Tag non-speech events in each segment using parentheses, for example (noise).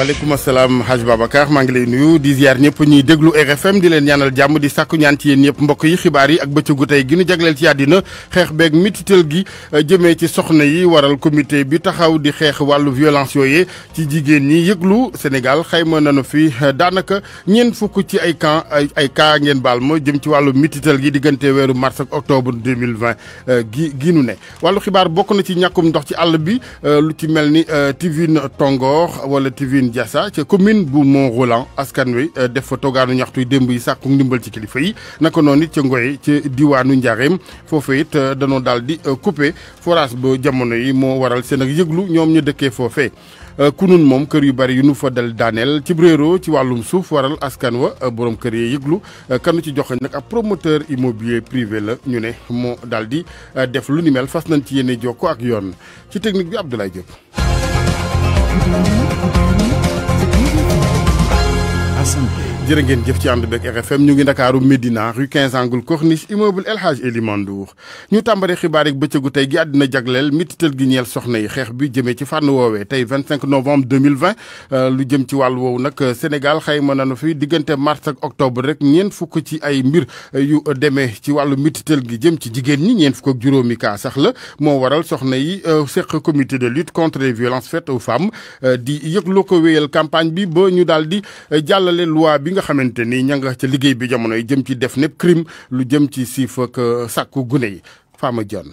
waaleykum asalaam Hadj Babacar maa ngi lay nuyu di ziar ñëpp ñuy déglu RFM di leen ñaanal jàmm di sàkku ñaan ci yéen ñëpp mbokk yi xibaar yi ak bëccëgu tey gi ñu jagleel ci àddina xeex beeg mititel gi euh, jëmee ci soxna yi waral comité bi taxaw di xeex wàllu violence yooyee ci jigéen ñi yëglu Sénégal xayma nanu fi euh, daanaka ñeent fukk ci ay camp ay ay ngeen baal ma jëm ci wàllu mititel gi diggante weeru mars ak octobre 2020 euh, gi gi nu ne wàllu xibaar bokk na ci ñàkkum ndox ci àll bi lu ci mel ni Tivine Tongor wala Tivine Lamine Diassa ca commune bu Mont Roland askan wi eh, def fa toggaanu ñaxtu démb yi sàkku ndimbal ci kilifa yi naka noon it ca Ngoye ca diwaanu Ndiarème foofu it eh, danoo daal di eh, coupé forage ba jamono yi moo waral seen ak yëglu ñoom ñu dëkkee foofe foofee. nun moom kër yu bari yi nu fa dal daaneel ci réeroo ci wàllum suuf waral askan wa boroom kër yee yëglu kanu ci joxe nag ab promoteur immobilier privé la ñu ne moo daal di def lu ni fas nañ ci yéene jokko ak yoon ci technique bi Abdoulaye Diop. jërë ngeen jëf ci ànd beeg RFM ñu ngi ndakaaru Medina rue 15 angle corniche immeuble El Hadj Eli Mandour ñu tàmbale xibaar yi bëccëgu tey gi àddina jagleel mititel gi ñeel soxna yi xeex bi jëmee ci fànn woowee tey 25 novembre 2020 euh, lu jëm ci wàll woowu nag euh, Sénégal xayma nañu fi diggante mars ak octobre rek ñeen fukk ci ay mbir euh, yu demee ci wàllu mititel gi jëm ci jigéen ñi ñeen fukk ak juróomi kaa sax la moo waral soxna yi seq comité de lutte contre les violences faites aux femmes di yëg loo ko wéyal campagne bi ba ñu daal di jàllale loi bi nga nga xamante ni ña nga ca liggéey bi jamono yi jëm ci def népp crime lu jëm ci siif ak euh, sàkku gune yi Fama jon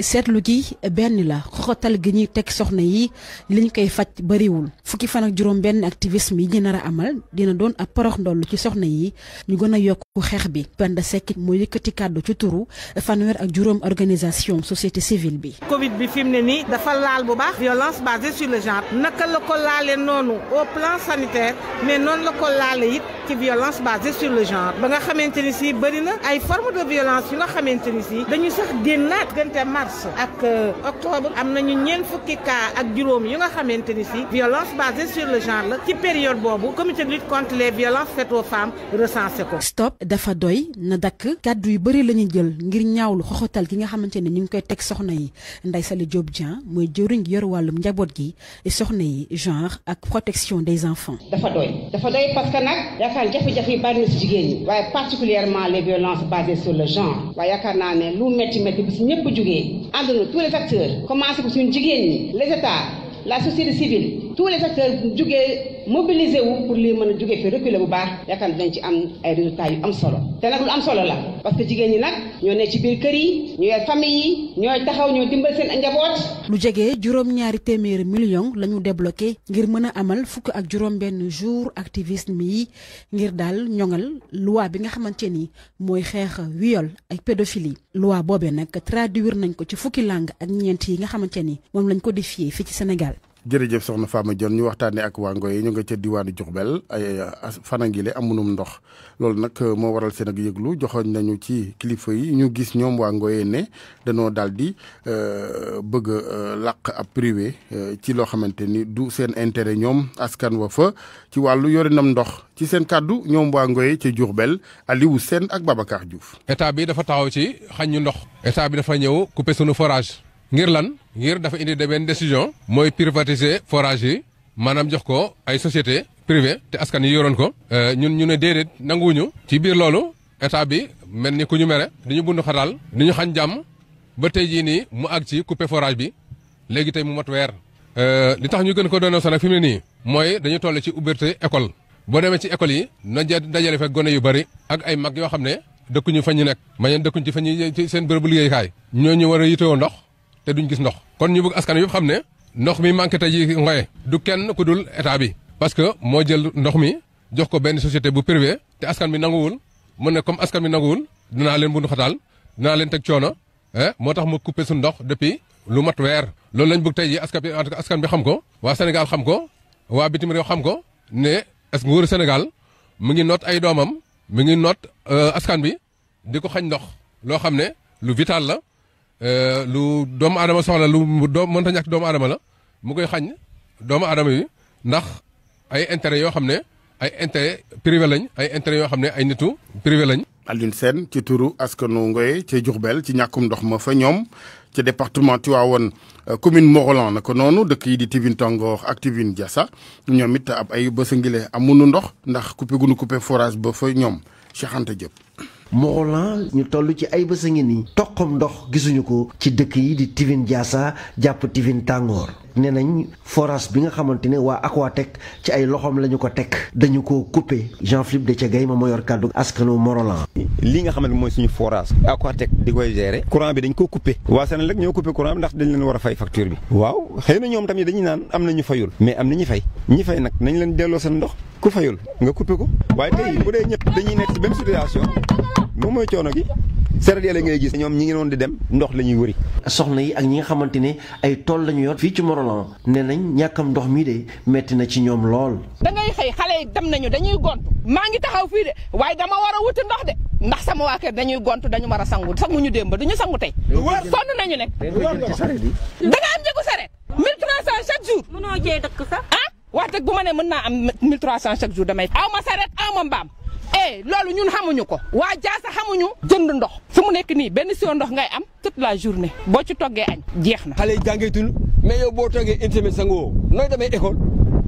seetlu gi benn la xoxotal gi ñuy teg soxna yi li ñu koy faj bariwul fukki fan ak juróom benn activisme yi ñu nar a amal dina doon ab porox ndoll ci soxna yi ñu gën a yokk ku xeex bi Penda Seck moo yëkkati kàddu ci turu fanweer ak juróom organisation société civile bi. Covid bi fi ni dafa laal bu baax. violence basée sur le genre. naka la ko non noonu au plan sanitaire mais non la ko qui ci violence basée sur le genre ba nga xamante ni si bëri na ay forme de violence yu nga xamante ni si dañu sax génnaat gënte mars ak euh, octobre am nañu ñeent fukki cas ak juróom yu nga xamante si violence basée sur le genre la ci période boobu comité de lutte contre les violences faites aux femmes recensé ko. stop dafa doy na dak kaddu yu bari lañu jël ngir ñaawlu xoxotal gi nga xamanteni ñu ngi koy tek soxna yi nday Saly Diop Dieng mooy jëwriñ yor walum njabot gi soxna yi genre ak protection des enfants. dafa doy dafa doy parce que nag yaakaar jafe-jafe yi bari ci si jigéen ñi particulièrement les violences basées sur le genre waye yaakaar naa ne lu metti metti bu si ñëpp jógee ànd tous les acteurs commencé ko suñu jigéen yi les états la société civile tous les acteurs jógee mobiliser wu pour lii mën a jóge fi bu baax yaakaar ne ci am ay résultats yu am solo te nag lu am solo la parce jigéen ñi nag ñoo ne ci biir kër yi ñoo yor famille yi ñooy taxaw ñoo dimbal seen njaboot. lu jege juróom-ñaari téeméeri million la ñu débloqué ngir mën a amal fukk ak juróom-benn jour activisme yi ngir daal ñoŋal loi bi nga xamante ni mooy xeex viol ak pédophilie loi boobee nag traduire nañ ko ci fukki langue ak ñeent yi nga xamante ni moom lañ ko codifié fii ci Sénégal. jërëjëf soxna Fama Dione ñu waxtaanee ak waa Ngoye ñu nga ca diwaanu Diourbel ay fanangile amunum ndox loolu nag euh, moo waral seen ak yëglu joxoon nañu ci kilifa yi ñu gis ñoom waa Ngoye ne dañoo daldi di euh, bëgg euh, làq ab privé ci loo xamante ni du seen intérêt ñoom askan wa fa ci wàllu nam ndox ci seen kàddu ñoom waa Ngoye ca Diourbel Aliou Sène ak Babacar Diouf. état bi dafa taxaw ci xañ ñu ndox. état bi dafa ñëw couper sunu forage. ngir lan. ngir dafa indi de benn mooy privatiser forage yi maanaam jox ko ay société privé te askan yi yoroon ko euh, ñun ñu ne déedéet nanguwuñu ci biir loolu état bi mel ni ku ñu mere di ñu bund xataal di ñu xañ jàmm ba tey jii nii mu àgg ci couper forage bi léegi tey mu mat weer euh, li tax ñu gën ko doon sax nag fi mu ne nii mooy dañu toll ci ouverture école boo demee ci école yi na dajale fekk gone yu bari ak ay mag yoo xam ne dëkkuñu fa ñu nekk mañeen dëkkuñ ci fa ñu ci seen bërëbu liggéeykaay ñoo ñu war a yitewoo ndox te duñ gis ndox kon ñu bëgg askan yëpp xam ne ndox mi manqué tey ji Ngoye du kenn ku dul état bi parce que moo jël ndox mi jox ko benn société bu privé te askan bi nanguwul mu ne comme askan bi nanguwul dinaa leen bundu xataal dinaa leen teg coono eh, moo tax mu coupé suñu ndox depuis lu mat weer loolu lañ bëgg tey ji askan bi askan bi xam ko waa Sénégal xam ko waa bitim réew xam ko ne est que nguuru Sénégal mu ngi noot ay doomam mi ngi noot euh, askan bi di ko xañ ndox loo xam ne lu vital la Euh, lu doomu aadama soxla lu doo mënta ñàkk doomu aadama la mu koy xañ doomu aadama yi ndax ay intérêt yoo xam ne ay intérêt privé lañ ay intérêt yoo xam ne ay nitu privé lañ. Alioune seen ci turu askanu Ngoye ci bel ci ñàkkum ndox ma fa ñoom ci département Tivaouane euh, commune Morolan naka noonu dëkk yi di Tivine Tangor ak Tivine Diassa ñoom it ab ay bësangile amunu ndox ndax coupé gunu coupé forage ba fa ñoom Cheikh jëpp Morolan ñu toll ci ay bés a ngi nii toqam ndox gisuñu ko ci dëkk yi di Tivin Diassa jàpp Tivin Tàngoor nee nañ forage bi nga xamante ne waa Aquatec ci ay loxoom la ñu ko teg dañu ko coupé Jean-Philippe Déthié Gaye ma moo yor kàddu askanu Morolan li nga xamante mooy suñu forage Aquatec di koy gérer courant bi dañ ko coupé waa Senelec ñoo coupé courant bi ndax dañ leen war a fay facture bi waaw xëy na ñoom tamit dañuy naan am na ñu fayul mais am na ñu fay ñi fay nag nañ leen delloo seen ndox ko waaye tey bu dee ñëpp dañuy nekk moom mooy coono gi saret yi la ngay gis ñoom ñi ngi noon di dem ndox la ñuy wëri soxna yi ak ñi nga xamante ne ay tool la ñu yor fii ci Morolan nee nañ ñàkkam ndox mii de metti na ci ñoom lool da ngay xëy xale yi dem nañu dañuy gont maa ngi taxaw fii de waaye dama war a wuti ndox de ndax sama waa kër dañuy gont dañu war a sangu sanguñu démb ñu sangu tey sonn nañu nekk da nga am njëgu saret mille trois cent chaque jour mënoo cee dëkk sax ah wax dëgg ma ne mën naa am mille trois cent chaque jour damay aw ma saret eh loolu ñun xamuñu ko waa jaasa xamuñu jënd ndox su mu nekk nii benn siwo ndox ngay am toute la journée boo ci toggee añ jeex na. xale yi jàngeetul mais yow boo toggee une semaine sa ngoo nooy demee école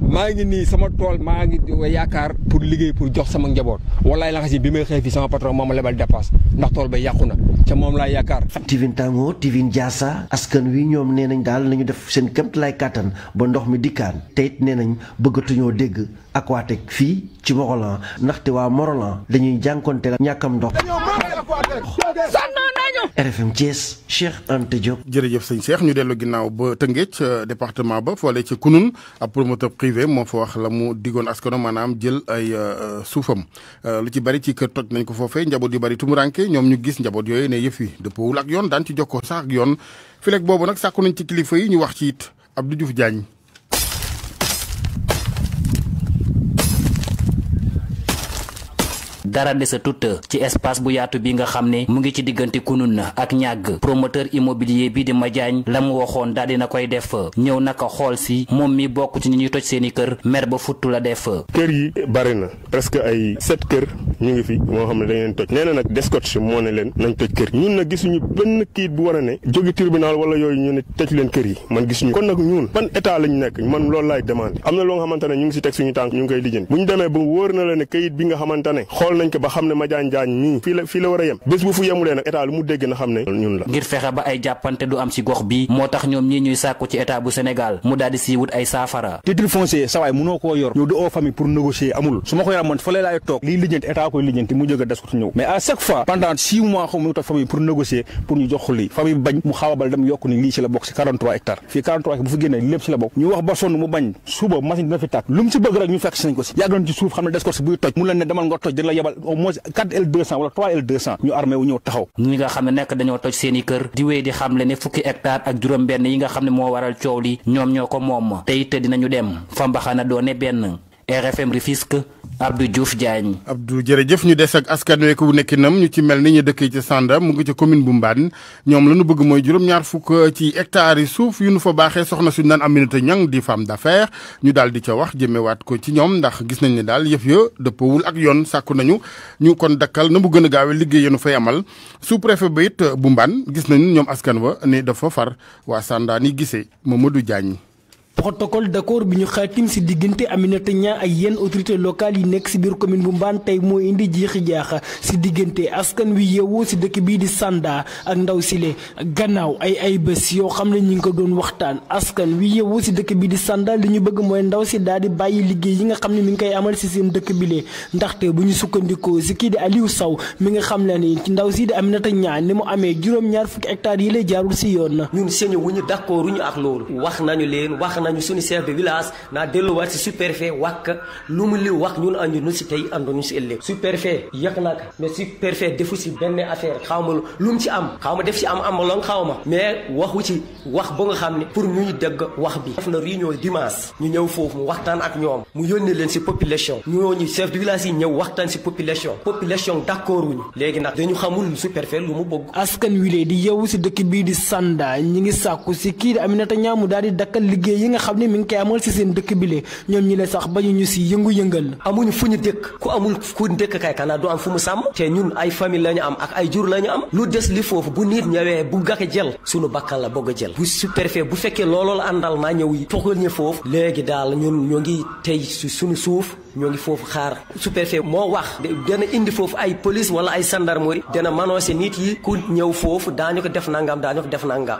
maa ngi nii sama tool maa ngi yaakaar pour liggéey pour jox sama njaboot walaay la nga bi may xëy fii sama patron moom lebal dépasse ndax tool ba yàqu na ca moom laa yaakaar. Tivin Tango Tivin Diassa askan wi ñoom nee nañ daal nañu def seen këmt lay kàttan ba ndox mi dikkaan te it nee nañ bëggatuñoo dégg. aquatec fi ci Morolan ndaxte wa morola dañuy jankonté la ñàkkam ndox RFM Thiès Cheikh Ante Diop. jërëjëf sëñ Cheikh ñu déllu ginnaw ba Tëngéej euh, département ba lé ci Kunun ab promoteur privé mo fa wax la mu diggoon askono manam jël ay euh, euh, soufam lu ci bari ci kër toj nañ ko fofé njabot yu bari tumuranke ñom ñu gis njabot yoy né yëf yi dëppoowul ak yoon dan ci jokkoo sax ak yoon fileeg bobu nak sakku nañ ci kilifa yi ñu wax ci it Abdou Diouf Diagne dara desatut ci espace bu yaatu bi nga xam ne mu ngi ci diggante kunun ak ñàgg promoteur immobilier bi di Madiagne la mu waxoon daal dina koy def ñëw naka xool si moom mi bokk ci ñi ñuy toj seeni kër mer ba futtu la def. kër yi bari na presque ay sept kër ñu ngi fi moo xam ne dañ leen toj nee nag descotch moo ne leen nañ toj kër ñun nag gisuñu benn kiit bu war ne jóge tribunal wala yooyu ñu ne toj leen kër yi man gisuñu kon nag ñun na loo nga xamante ne ñu ngi si teg suñu tànk ñu ngi koy lijjanti bu ñu demee ba wóor na la ne nañ ko ba xam ne Madiagne Diagne mii fii la fii la war a yem bés bu fu yemulee nag état lu mu dégg na xam ne ñun la ngir fexe ba ay jàppante du am ci gox bi moo tax a ñu toog famille dem yokk ni lii ci la bokk ci 43 hectares fii 43 bu fi génnee lépp ci la bokk ñu wax ba sonn mu bañ suba machine dina fi tàkk lu mu ci bëgg rek ñu fekk ci nañ ko ci yàgg suuf xam ne des buy toj mu leen ne demal nga toj dina la yebal wala au moins 4 L200 wala 3 L200 ñu armé ñëw taxaw ñi nga xam ne nekk dañoo toj seen i kër di wéy di xam le ne fukki hectare ak juróom-benn yi nga xam ne moo waral coow li ñoom ñoo ko moom te it dinañu dem fa mbaxana doone benn RFM Rufisque Abdou Diouf Diagne. Abdou jërëjëf ñu des ak askan wi ku nekkinam ñu ci mel ni ñu dëkkee ca Sanda mu ngi ca commune bu mbaan ñoom la ñu bëgg mooy juróom-ñaar fukk ci hectares yi suuf yu nu fa baaxee soxna suñu naan Aminata Niang di femme d'affaires ñu daal di ca wax jëmewaat ko ci ñoom ndax gis nañ ne daal yëf ya dëppawul ak yoon sàkku nañu ñu kon dakkal na mu gën a gaawee liggéey yenu fay amal sous-préfet ba it bu Mbane gis nañu ñoom askan wa ne dafa far waa Sanda ni gisee Mamadou Diagne protocole d'accord bi ñu xaatim si diggante Aminata Niang ay yenn autorité locale yi nekk ci biir commune bu Mbane tey moo indi jiixi jaaxa ci diggante askan wi yeewoo si dëkk bii di Sanda ak ndaw sile gannaaw ay ay bés yoo xam ne ñu ngi ko doon waxtaan askan wi yeewoo ci dëkk bii di Sanda li ñu bëgg mooy ndaw si daal di bàyyi liggéey yi nga xam ne mi ngi koy amal ci seen dëkk bi bile ndaxte bu ñu sukkandikoo si kii di Aliou saw mi nga xam ne ni ndaw si di Aminata Niang ni mu amee juróom-ñaar fukki hectares yi lay jaarul si yoon na. ñun seen wu ñu wuñu ak loolu. wax nañu suñu chef de village naa delluwaat si sous-préfet lu mu li wax ñun anduñu si tey anduñu si ëllëg sous yëg naa mais sous defu si benn affaire xaw lu mu ci am xaw ma def si am amaloon xaw ma mais waxu ci wax ba nga xam ni pour ñuy dégg wax bi def na réunion dimanche ñu ñëw foofu mu waxtaan ak ñoom mu yónnee leen si population ñooñu chef de village yi ñëw waxtaan si population population d'accord wuñu léegi nag dañu xamul sous lu si dëkk bii di Sanda ñi ngi sàkku si kii di Aminata nga xam ne mi ngi koy amal si seen dëkk bi ñoom ñi le sax bañu ñu si yëngu-yëngal amuñu fu ñu dëkk ku amul ku dëkk kay xanaa du am fu mu sàmm te ñun ay famille la ñu am ak ay jur la ñu am lu des li foofu bu nit ñëwee bu gàkke jël suñu bakkan la bëgg a jël bu su bu fekkee looloo la àndal maa ñëw toxal ñu foofu léegi daal ñun ñoo ngi tey suñu suuf ñoo ngi foofu xaar sous moo wax dana indi foofu ay police wala ay gendarmerie dana manoncé nit yi ku ñëw foofu daañu ko def nangam daañu def nangam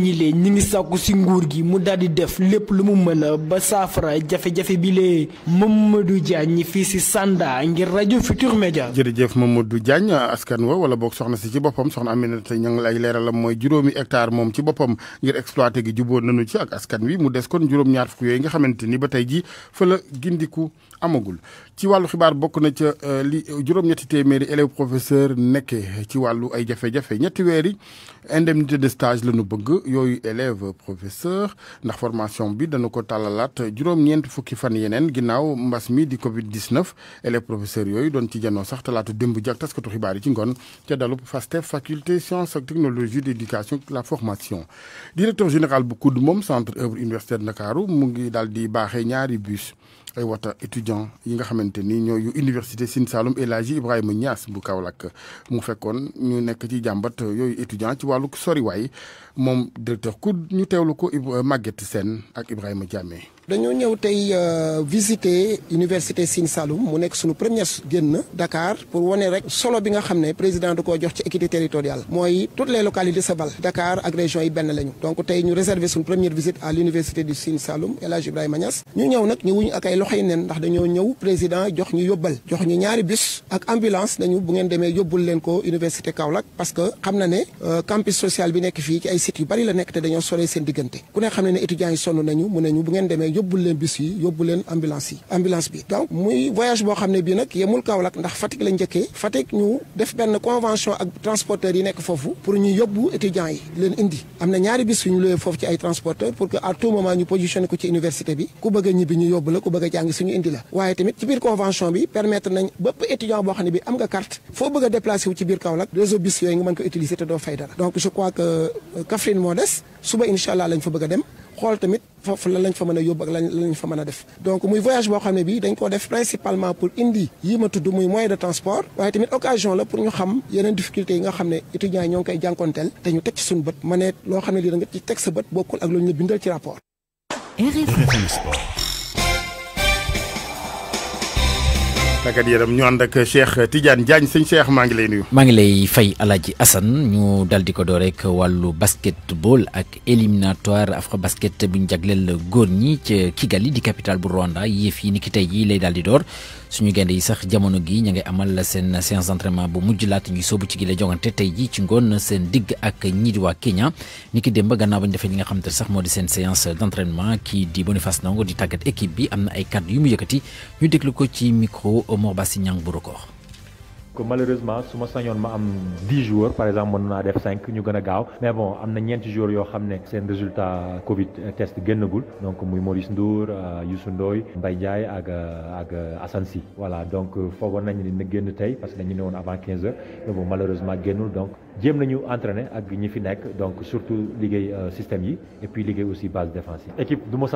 ñi lee ñi ngi sàkku si nguur gi mu daal di def lépp lu mu mën ba saafara jafe-jafe bi lee Mamadou Diagne fii si Sanda ngir rajo Futur Media. jërëjëf Mamadou Diagne askan wa wala boog soxna si ci boppam soxna Aminata Niang lay leeralam mooy juróomi hectare moom ci boppam ngir exploité gi jubóo nañu ci ak askan wi mu des kon juróom-ñaar fukk yooyu nga xamante ni ba tey ji fa la gindiku amagul. ci walu xibaar bokk na ca euh, li juróom-ñetti téeméeri élève professeur nekkee ci walu ay jafe-jafe ñetti weer yi indemnité de stage la ñu bëgg yooyu élève professeur ndax formation bi dana ko tàllalaat juróom-ñeent fukki fan yeneen ginnaaw mbas mi di Covid 19 élève professeur yooyu doon ci janoo sax talaatu démb ji ak taskatu xibaar yi ci ngoon ca dalu FASTEF faculté sciences ak technologie d' éducation la formation directeur général bu COUD moom centre œuvre universitaire Ndakaaru mu ngi daal di baaxee ñaari bus ay wata étudiant yi nga xamante ni ñooy université sin Saalum El Ibrahima Niass bu Kaolack mu fekkoon ñu nekk ci jàmbat yooyu étudiant ci wàllu soriwaay moom directeur ku ñu teewlu ko euh, Maguette sen ak Ibrahima Diamé. dañoo ñëw tey euh, visiter université sin Saalum mu nekk sunu première génn Dakar pour wane rek solo bi nga xam ne président da koo jox ci équité territoriale. mooy toutes les localités sabal Dakar ak région yi benn lañu. donc tey ñu réserver suñu première visite à l'université du sin Saalum El Ibrahima Niass ñu ñëw nag ñëwuñu ak ay loxo loxoy nen ndax dañoo ñëw président jox ñu yóbbal jox ñu ñaari bus ak ambulance nañu bu ngeen demee yóbbul leen ko université Kaolack parce que xam na ne euh, campus social bi nekk fii ci ay sites yu bari la nekk te dañoo soree seen diggante ku ne xam ne ne étudiants yi sonn nañu mu nañu bu ngeen demee yóbbul leen bus yi yóbbu leen ambulance yi ambulance bi donc muy voyage boo xam ne bii nag yemul Kaolack ndax Fatick la njëkkee Fatick ñu def benn convention ak transporteurs yi nekk foofu pour ñu yóbbu ñu looyee foofu ci ay transporteurs pour que koy suñu indi la waye tamit ci bir convention bi permettre nañ bépp étudiant bo xam bi am nga carte fo bëgg déplacer wu ci bir Kaolack réseau bus yooyu nga mën ko utiliser té do fay dara donc je crois que euh, Kaffrine moo des suba inshallah lañ fa bëgg dem xol tamit fofu lan lañ fa mëna yob ak lan lañ fa mëna def donc muy voyage bo xamné bi dañ ko def principalement pour indi yima tuddu muy moyen de transport waye tamit occasion la pour ñu xam yeneen difficulté yi nga xamné étudiant ñong yi ñoo ngi koy jànkonteel te ñu teg ci suñu bëtt mané lo xamné xam nga ci teg sa bëtt bokul ak lu ñu bindal ci rapport tàggat yaram ñu ànd ak Cheikh Tidiane Diagne sëñ Cheikh maa ngi lay nuyu. maa ngi lay fay Alaaji Assane ñu dal di ko door rek wàllu bool ak éliminatoire afro basket bu ñu jagleel la góor ñi ca Kigali di capitale bu Rwanda yëf yi ni ki tey jii lay daal di door. suñu gaynde yi sax jamono gi ña ngay amal seen séance d'entraînement bu mujj laata ñuy soobu ci gi la tey ji ci ngoon seen digg ak ñii di waa Kenya ni ki démb gannaaw ba ñu defee li nga xam te sax moo di seen séance d'entraînement kii di Boniface Nango di tàggat équipe bi am na ay kàddu yu mu yëkkati ñu déglu ko ci micro Mor Bassi Niang bu record malheureusement suma ma am 10 jours par exemple à na def 5 ñu gëna a mais bon nous na jours yo xamné résultat Covid test donc muy Maurice Ndour euh, Youssou Ndoye Mbaye ak euh, euh, voilà donc il nañ ni na nous tay parce que nous sommes avant 15 h mais bon malheureusement génnul donc nous nañu entraîner avec ñi donc surtout ligue euh, système et puis ligue aussi base défensive équipe de mos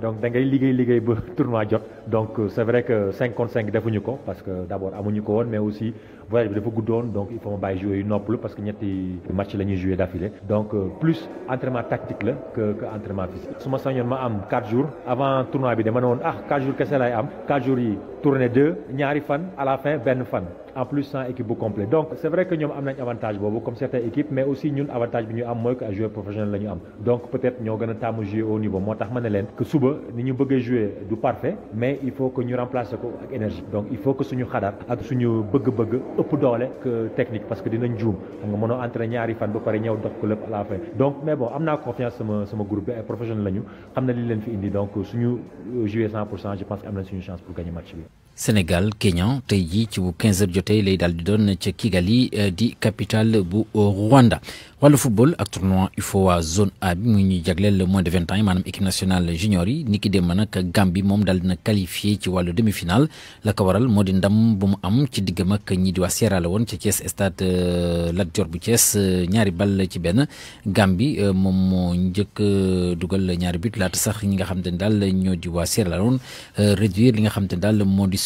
donc da ngay (laughs) tournoi donc euh, c'est vrai que 5 contre 5 defuñu parce que d'abord nous ko mais aussi voyage bi dafa donc il faut ma bàyyi jouer yu parce que ñetti match la jouer d'affilée donc euh, plus entraînement tactique que que entraînement physique su ma sañoon ma am 4 jours avant tournoi bi dama a 4 jours kese laay am 4 jours tourner deux ñaari fan à la fin 20 fan en plus sans équipe complète. complet donc c'est vrai que nous avons des avantage comme certaines équipes mais aussi ñun avantage bi ñu am mooy que joueurs professionnels donc peut-être nous gën temps jouer au niveau Moi, je que suba nous ñu jouer du parfait mais il faut que nous remplacions avec ak énergie donc il faut que nous xalaat ak suñu bëgg ëpp doole que technique parce que dina juum xam nga mënoo entraîner ñaari fan ba pare ñëw dox ko lépp donc mais bon am naa confiance sama sama groupe bi ay professionnels lañu xam na li leen fi indi donc suñu euh, jouer 100 pour cent je pense que am nañ suñu chance pour gagner match bi Sénégal Kenya tey jii ci bu 15h jotee lay Dal di doon ca Kigali euh, di capitale bu euh, Rwanda wàllu football ak tournoi à zone A bi mu le moins de 20 ans yi équipe nationale junior yi ni ki dem nag Gambie moom daal dina qualifié ci wàllu demi-finale la ko waral moo di ndam bu mu am ci diggam ak ñi di waa Sierra Leone ca Thiès stade euh, Lat bu Thiès ñaari ball ci benn Gambie moom moo njëkk dugal ñaari but laata sax ñi nga xam te ne ñoo di waa Sierra Leone réduire li nga xam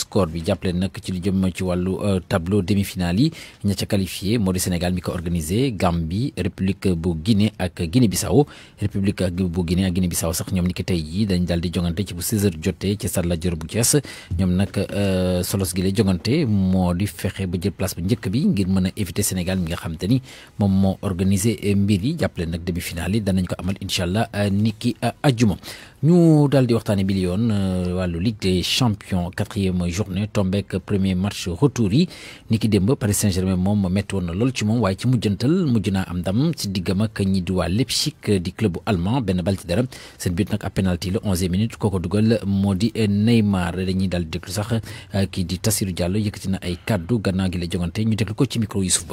score bi jàppale nag ci lu jëm ci wàllu euh, tableau demi-finale yi ña ca qualifié moo di Sénégal mi ko organisé Gambie République bu Guinée ak Guinée-Bissau République bu Guinée ak Guinée-Bissau sax ñoom ni ki tey jii dañ daal di jongante ci bu 16h jotee ci Stade Lat Dior bu Thiès ñoom nag euh, solos gi jongante moo di fexe ba jël place bu njëkk bi ngir mën a éviter Sénégal mi nga xam ni moom moo organisé mbir yi jàppale nag demi-finale yi danañ ko amal incha allah euh, ni ki ñu daal di waxtaane bi euh, Ligue des champions quatrième journée tombeek premier match retour yi ni Paris Saint-Germain moom métti woon na lool ci moom waaye ci mujjantal mujj club allemand Ben bal ci dara seen but minutes, à penalty la onzième minute Koko dugal Modi Neymar Renidal daal di déglu sax euh, kii di Tassirou Diallo yëkkati na ay kàddu gannaaw gi la jongante ñu ko ci micro Youssouf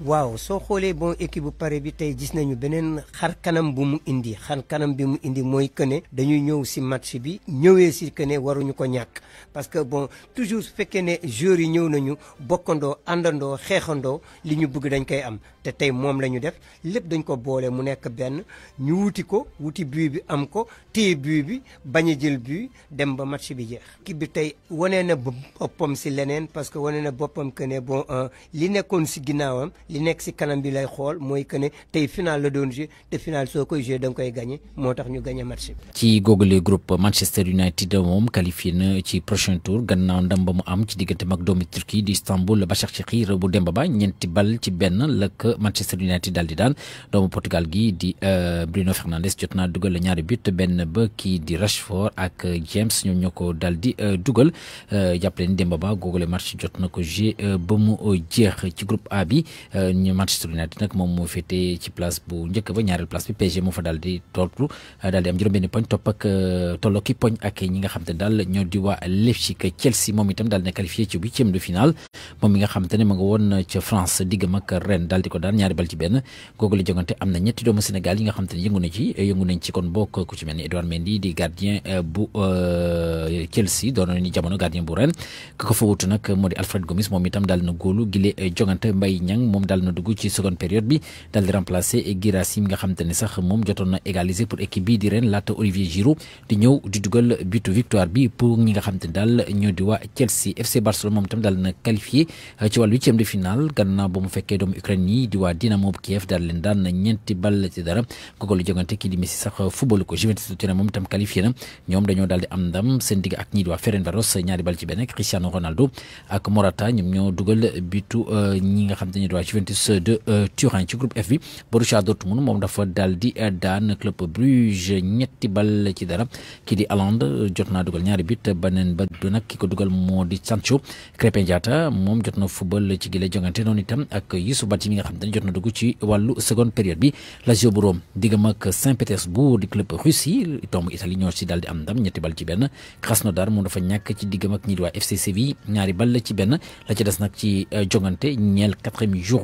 waaw soo xoolee bon équipe bu pare bi tey gis nañu beneen xar kanam bu mu indi xar kanam bi mu indi mooy këne dañuy ñëw si match bi ñëwee si këne waruñu ko ñàkk parce que bon toujours su fekkee ne joueurs yi ñëw nañu bokkandoo àndandoo xeexandoo li ñu bugg dañ koy am te tey moom la ñu def lépp dañ ko boole mu nekk benn ñu wuti ko wuti but bi am ko téye but bi bañ jël but dem ba match bi jeex. équipe bi tey wane na boppam si leneen parce que wane na boppam këne bon euh, li nekkoon si ginnaawam. li nek ci kanam bi lay xol moy que ne tay final la doon joué te final soo koy joué koy gagné motax ñu gagné match ci googule groupe Manchester United moom qualifié na ci prochain tour gannaaw ndam ba mu am ci digënté mak doomi Turquie di Istanbul Başakşehir bu Demba Ba ñent bal ci benn lëkk Manchester United daldi di daan doomu Portugal gi di euh, Bruno Fernandes jotna duggal ñaari but ben ba ki di Rashford ak James ñoom ñoko daldi duggal euh, japp dugal euh, Demba Ba googule match jotna ko joué ba mu jeex ci groupe A bi. ñu Manchester United nag moom moo féetee ci place bu njëkk ba ñaareel place bi PSG moo fa daal di tollu euh, daal di am juróom-benni poñ topp ak euh, poñ ak ñi nga xam te ne daal ñoo di waa Leipzig Chelsea moom itam daal di na qualifié ci huitième de finale moom mi nga xam te ne ma nga woon ca France diggam ak Rennes daal di ko daan ñaari bal benn googu jongante am na ñetti doomu Sénégal yi nga xam te ne yëngu na ci yëngu nañ ci kon bokk ku ci mel ni Edouard Mendy di gardien euh, bu Chelsea doonoon ni jamono gardien bu moo di Alfred Gomis moom itam na góolu gile jongante Mbaye dal na dugg ci seconde période bi dal di remplacer Guirassy mi nga xamanteni sax mom jotoon na égaliser pour équipe bi di ren Lat Olivier Giroud di ñëw di duggal but victoire bi pour ñi nga xamanteni dal ñoo di wa Chelsea FC Barcelone mom tam dal na qualifier euh, ci 8 huitième de finale gannaaw bu mu fekkee doomu Ukraine yi di wa Dynamo Kiev daal leen daan ñenti ball ci dara ko lu jogante ki di Messi sax euh, football ko Juventus Turin mom tam qualifier na ñom dañoo dal di am ndam seen digg ak ñi di wa Ferencvaros ñaari ball ci ben Cristiano Ronaldo ak Morata ñom ñoo duggal butu euh, ñi nga xamanteni di Juventus de euh, Turin ci groupe F bi Borussia Dortmund mom dafa d'Aldi euh, Dan club Bruges ñetti bal ci dara ki di Haaland euh, jotna dugal ñaari bit banen ba du dugal Sancho Krépin Diatta football ci gile jongante non itam ak Youssouf Badji mi nga xam dañ ci seconde période bi Lazio bu Rome digam ak Saint-Pétersbourg di club Russie Tom Italie ñoo si daal am ndam ñetti ci Krasnodar mom dafa ñak ci digam ak ñi FC Séville ñaari bal ci ben la ci dess ci jongante Niel. quatrième jour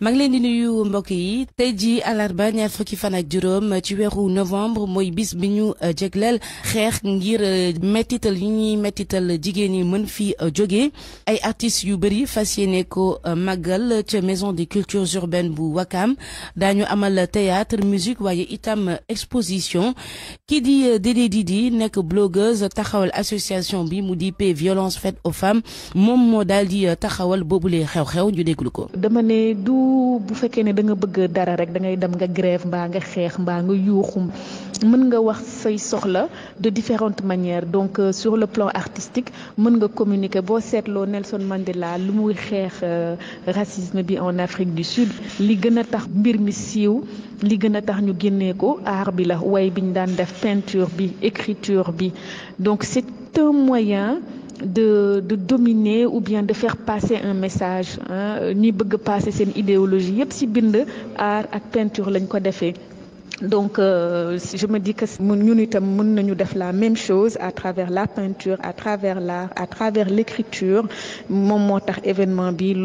Maglen di nuyu mbokk yi tey jii fukki ci novembre moy bis biñu euh, jéglél ngir euh, metital yi ñi Munfi jigéen yi mën fi euh, joggé ay artistes yu ko maison des cultures urbaines bu Wakam dañu amal théâtre musique waye itam exposition Kidi di Dédé Didi Nek blogueuse taxawal association bi mu di pe violence faite aux femmes mom mo daal di taxawal boobule xew-xew ñu déglu dama du bu fekkee ne da nga bëgg dara rek da ngay dem nga grève mbaa nga xeex mbaa nga yuuxum mën nga wax say soxla de différentes manières donc euh, sur le plan artistique mën nga communiquer boo seetloo Nelson Mandela lu muy xeex euh, racisme bi en Afrique du Sud li gën a tax mbir mi siiw li gën a tax ñu génnee ko art bi la way bi daan def peinture bi écriture bi donc c'est un moyen de, de dominer ou bien de faire passer un message Ni hein. pas passer une idéologie yëpp ci bind art ak peinture lañ ko fait donc euh, je me dis que nous devons faire la même chose à travers la peinture à travers l'art à travers l'écriture Mon événement bi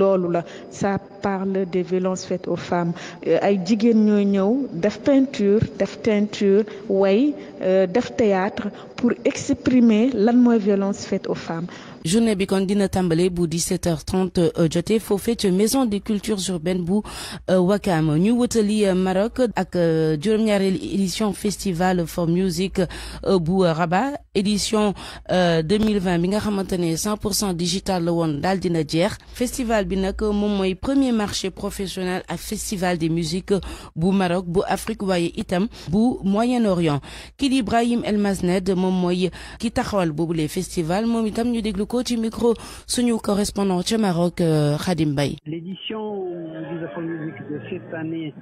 ça parle des violences faites aux femmes euh, ay nous ñoy ñëw def peinture def teinture way euh, def théâtre pour exprimer la violence faite aux femmes journée bi kon dina tambalé bu 17h30 euh, jotee faufette maison des cultures urbaines bu Wakam euh, ñu wëtali euh, Maroc ak juróom édition festival for music bu Rabat édition 2020 bi nga 100 digital la won dal dina festival bi nak premier marché professionnel à festival des musiques bu Maroc bu Afrique waye itam bu Moyen-Orient Kidi Ibrahim El Masned ki taxawal boobu le festival mom itam ñu déglu Sonko micro suñu correspondant ca Maroc euh, Khadim Bay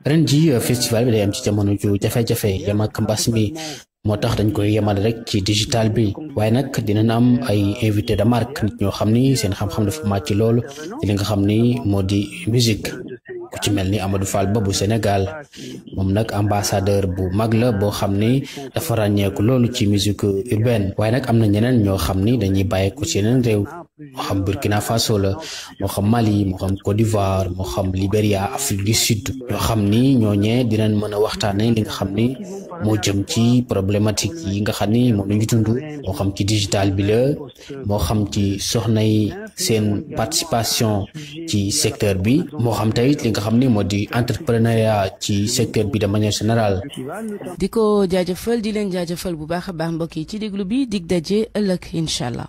ren ji euh, festival bi day am ci jamono ju jafe-jafe yam ak mbas mi dañ koy yemal rek ci digital bi waaye nag dinañ am ay invité de marque nit ñoo xamni seen xam-xam dafa màcc lool ci li nga xamni modi musique ku ci mel ni Amadou Fall ba bu Sénégal moom nag ambassadeur bu mag la boo xam ni dafa ràññeeku loolu ci musique urbaine waaye nag am na ñeneen ñoo xam ni dañuy bàyyeeku ci yeneen réew moo xam Burkina Faso la moo xam Mali moo xam Côte d'Ivoire moo xam Libéria Afrique du Sud ñoo xam ni ñooñee dina mën a waxtaane li nga xam ni mo jëm ci problématique yi nga xam ni moom lañu dund moo xam ci digital bi la moo xam ci soxna yi seen participation ci secteur bi moo xam tamit li nga xam ni moo di entrepreneuriat ci secteur bi de manière générale. Diko ko jaajëfal di leen jaajëfal bu baax a baax mbokk yi ci déglu bi dig daje ëllëg incha allah.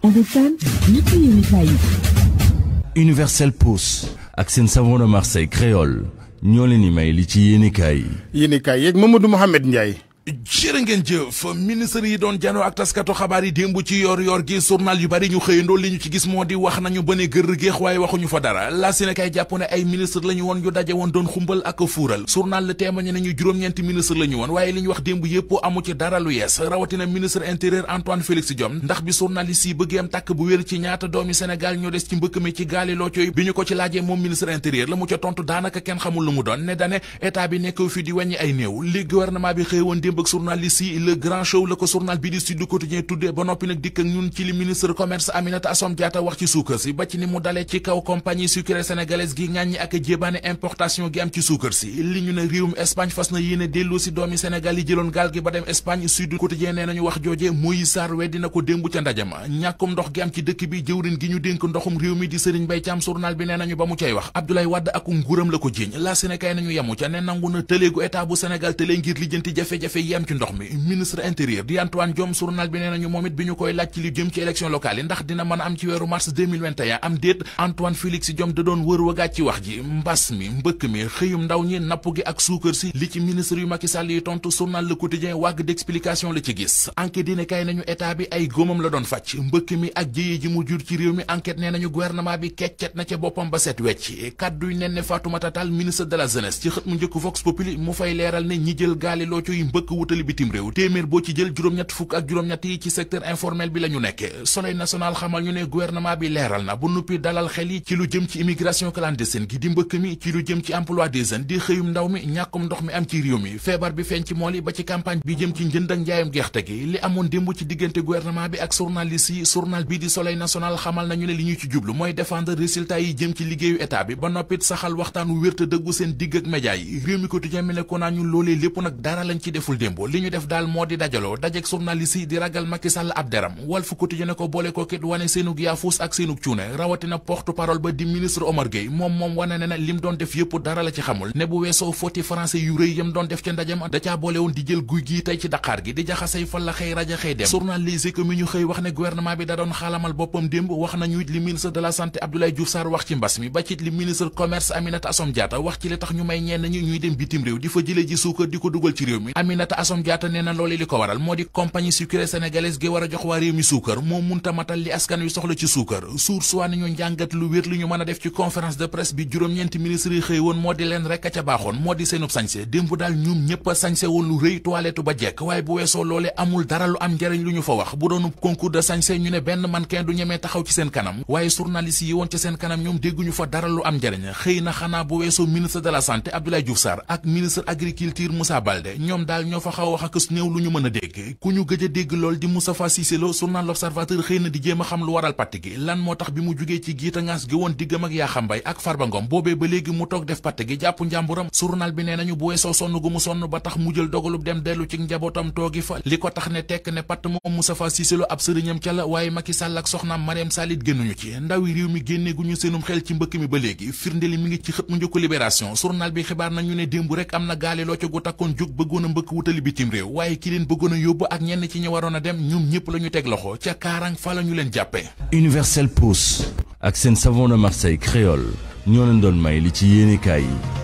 Universel Pousse ak seen savon de Marseille créole. ñoo leen di may li ci yéenekaay yi. yéenekaay Mamadou mohamed Ndiaye. jërë ngeen jëf ministre yi doon janoo ak taskatu xabaar yi démb ci yor yor gi journal yu bari ñu xëyandoo li ñu ci gis moo di wax nañu bëne gër géex waaye waxuñu fa dara la Sénégal jàpp ne ay ministre la woon yu daje woon doon xumbal ak fuural journal Le Témoin ne juróom-ñeenti ministre la woon waaye li ñu wax démb yépp amu ci dara lu yees rawatina ministre intérieur Antoine Félix Diome ndax bi journaliste yi bëggeem tàkk bu wér ci bëgg journaliste yi le grand show la ko journal bi di Sud Quotidien tuddee ba noppi nag dikk ak ñun ci li ministre commerce Aminata Assome Diatta wax ci suukar si ba ci ni mu dalee ci kaw compagnie gi ŋàññi ak jébaane suukar si li ñu ne réewum Espagne fas na yéene dellu si doomi Sénégal yi jëloon gaal gi ba dem Espagne Sud Quotidien nee nañu wax jooje Moïse Sarr weddi na ko démb ca ndajama ñàkkum ndox gi am ci dëkk bi jëwrin gi ñu dénk ndoxum réew mi di Serigne Mbaye Thiam journal bi nee nañu ba mu cay wax Abdoulaye Wade ak nguuram la ko jiiñ la Sénégal nañu yamu ca ne nangu na tëléegu état bu Sénégal tëlee ngir lijjanti jafe yi ci ndox mi ministre intérieur di Antoine Diome journal bi nee nañu moom it bi ñu koy laaj li jëm ci élection locale yi ndax dina mën am ci weeru mars am déet Antoine Félix Diome da doon wër wagaat ci wax ji mbas mi mbëkk mi xëyum ndaw ñi napp gi ak suukar si li ci ministre yu Macky Sall yi tontu journal Le Quotidien wàgg d'explication la ci gis enquête dina nañu état bi ay góomam la doon fàcc mbëkk mi ak jëye ji mu jur ci réew mi enquête nee nañu ko wutali bitim réew téeméer boo ci jël juróom-ñett fukk ak juróom-ñett yi ci secteur informel bi la nekke soleil national xamal ñu ne gouvernement bi leeral na bu nuppi dalal xel yi ci lu jëm ci immigration clandestine gi di mbëkk mi ci lu jëm ci emploi des jeunes di xëyum ndaw mi ñàkkum ndox mi am ci réew mi feebar bi feeñ ci mool yi ba ci campagne bi jëm ci njënd ak njaayam gerte gi li amoon démb ci diggante gouvernement bi ak journaliste bi di soleil démb li ñu def daal moo di dajaloo dajek journaliste di ragal Macky Sall ab deram Walf Quotidien ne ko boole ko kit wane seenug yaafuus ak seenug cuune rawatina porte parole ba di ministre Omar Gueye moom moom wane ne na lim doon def yëpp dara la ci xamul ne bu weesoo foti français yu rëy yam doon def ca ndajam da caa boole woon di jël guy gii tey ci daqaar gi di jaxasay fa la xëy raja xëy dem journaliste que mi ñu xëy wax ne gouvernement bi da doon xaalamal boppam démb wax nañu it li ministre de di fa jële ji te Assome Diatta nee na loolu li ko waral moo di compagnie sucrière sénégalaise gi war a jox waa réew mi suukar moo munta matal li askan wi soxla ci suukar suur suwaa nañu njàngat lu wér li ñu mën def ci conférence de presse bi juróom-ñeenti ministre yi xëy woon moo di leen rek a ca baaxoon moo di seenub sañse démb daal ñoom ñëpp a sañse woon lu rëy toilette ba jekk waaye bu weesoo loolee amul dara lu am njariñ lu ñu fa wax bu doonub concours de sañse ñu ne benn mannequin du ñemee taxaw ci seen kanam waaye journaliste yi woon ci seen kanam ñoom dégguñu fa dara lu am njariñ xëy na xanaa bu weesoo ministre de la santé Abdoulaye Diouf Sarr ak ministre agriculture Moussa Baldé ñoom daal ñoo fa xaw wax ak su néew lu ñu dégg ku ñu dégg lool di musafasi Cissé Lo journal L'Observateur xeyna di jema xam lu waral gi lan moo tax bi mu jugee ci gita ngaas gi won digam ak Yaxa Mbaye ak Farba Ngom bobé ba légui mu tok def pàtt gi jàpp njàmburam journal bi nenañu bu weesoo sonu gu mu sonu ba tax mu jël dem delu ci njabotam togi fa liko ko tax ne tekk ne patt moom Moustapha Cissé Lo ab sëriñam ci la waye Macky Sall ak soxna Mariam Salit ci ndawi réew mi génné gu ñu seenum xel ci mbëkk mi ba légui firndeli mi ngi ci xëp mu ñëkku libération journal bi xibaar nañu ne dembu rek amna lo ci gu takkon juk mbëkk wutali bitim réew waaye kii leen bëggoon a yóbbu ak ñenn ci ñi waroon a dem ñoom ñëpp la ñu teg loxo ca kaarang fa la ñu leen jàppee. Universel Pousse ak seen savon de Marseille créole ñoo leen doon may li ci yéenekaay yi.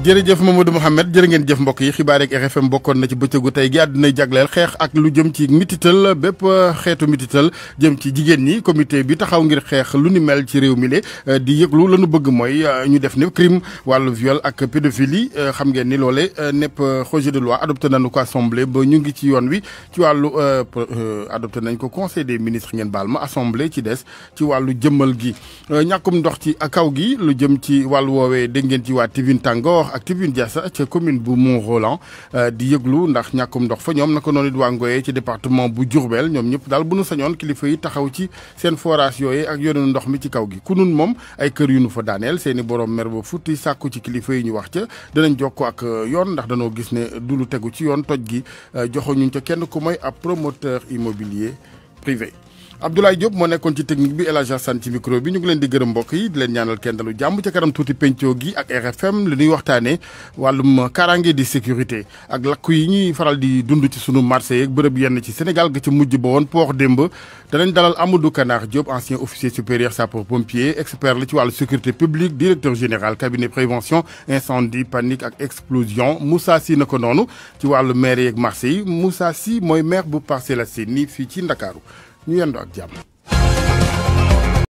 jërëjëf Mamadou Mouhamed jërë ngeen jëf mbokk yi xibaar yeeg bokkoon na ci bëccëgu tey gi jagleel xeex ak lu jëm ci mitital bépp euh, xeetu mitital jëm ci jigéen ñi comité bi taxaw ngir xeex lu ni mel ci réew mi le euh, di yëglu lanu bëgg mooy euh, ñu def ne crime wàllu viol ak pédophilie xam ngeen ni loole nepp projet de loi adopté nañu ko assemblée ba ñu ngi ci yoon wi ci wàllu adopté nañ ko conseil des ministres ngeen baal ma assemblée ci des ci wàllu jëmmal gi ñàkkum ndox ci kaw gi lu jëm ci wàllu woowee dégg ngeen ci waa Tivin Tango ndox ak tribune Diassa ca commune bu Mont-Roland euh, di yëglu ndax ñakum ndox fa ñom naka noonu it waa ci département bu djourbel ñom ñep dal bu nu sañoon kilifa yi taxaw ci sen forage yoy ak yoonu ndox mi ci kaw gi ku nun mom ay kër yu nu fa daaneel seen borom mer ba futti sakku ci kilifa yi ñu wax ci danañ jokk ak euh, yoon ndax danoo gis ne du lu tegu ci yoon toj gi joxo euh, joxoñuñ ci kenn ku moy ab promoteur immobilier privé Abdoulaye Diop mo nekkon ci technique bi El Hadj ci micro bi ñu ngi leen di gërëm mbokk yi di leen ñaanal kenn dalu jàmm ca karam tuuti pencoo gi ak RFM li ñuy waxtaanee wàllum di sécurité ak lakku yi ñuy faral di dund ci sunu marché bërëb yenn ci Sénégal ga ci mujj ba dalal Amadou Kanar Diop ancien officier supérieur sapeur pompier expert la ci wàllu sécurité publique directeur général cabinet prévention incendie panique ak explosion Moussa Sy na ko noonu ci maire yeeg marché yi Moussa Sy mooy maire bu Parcelles ni fii ci 你很多钱。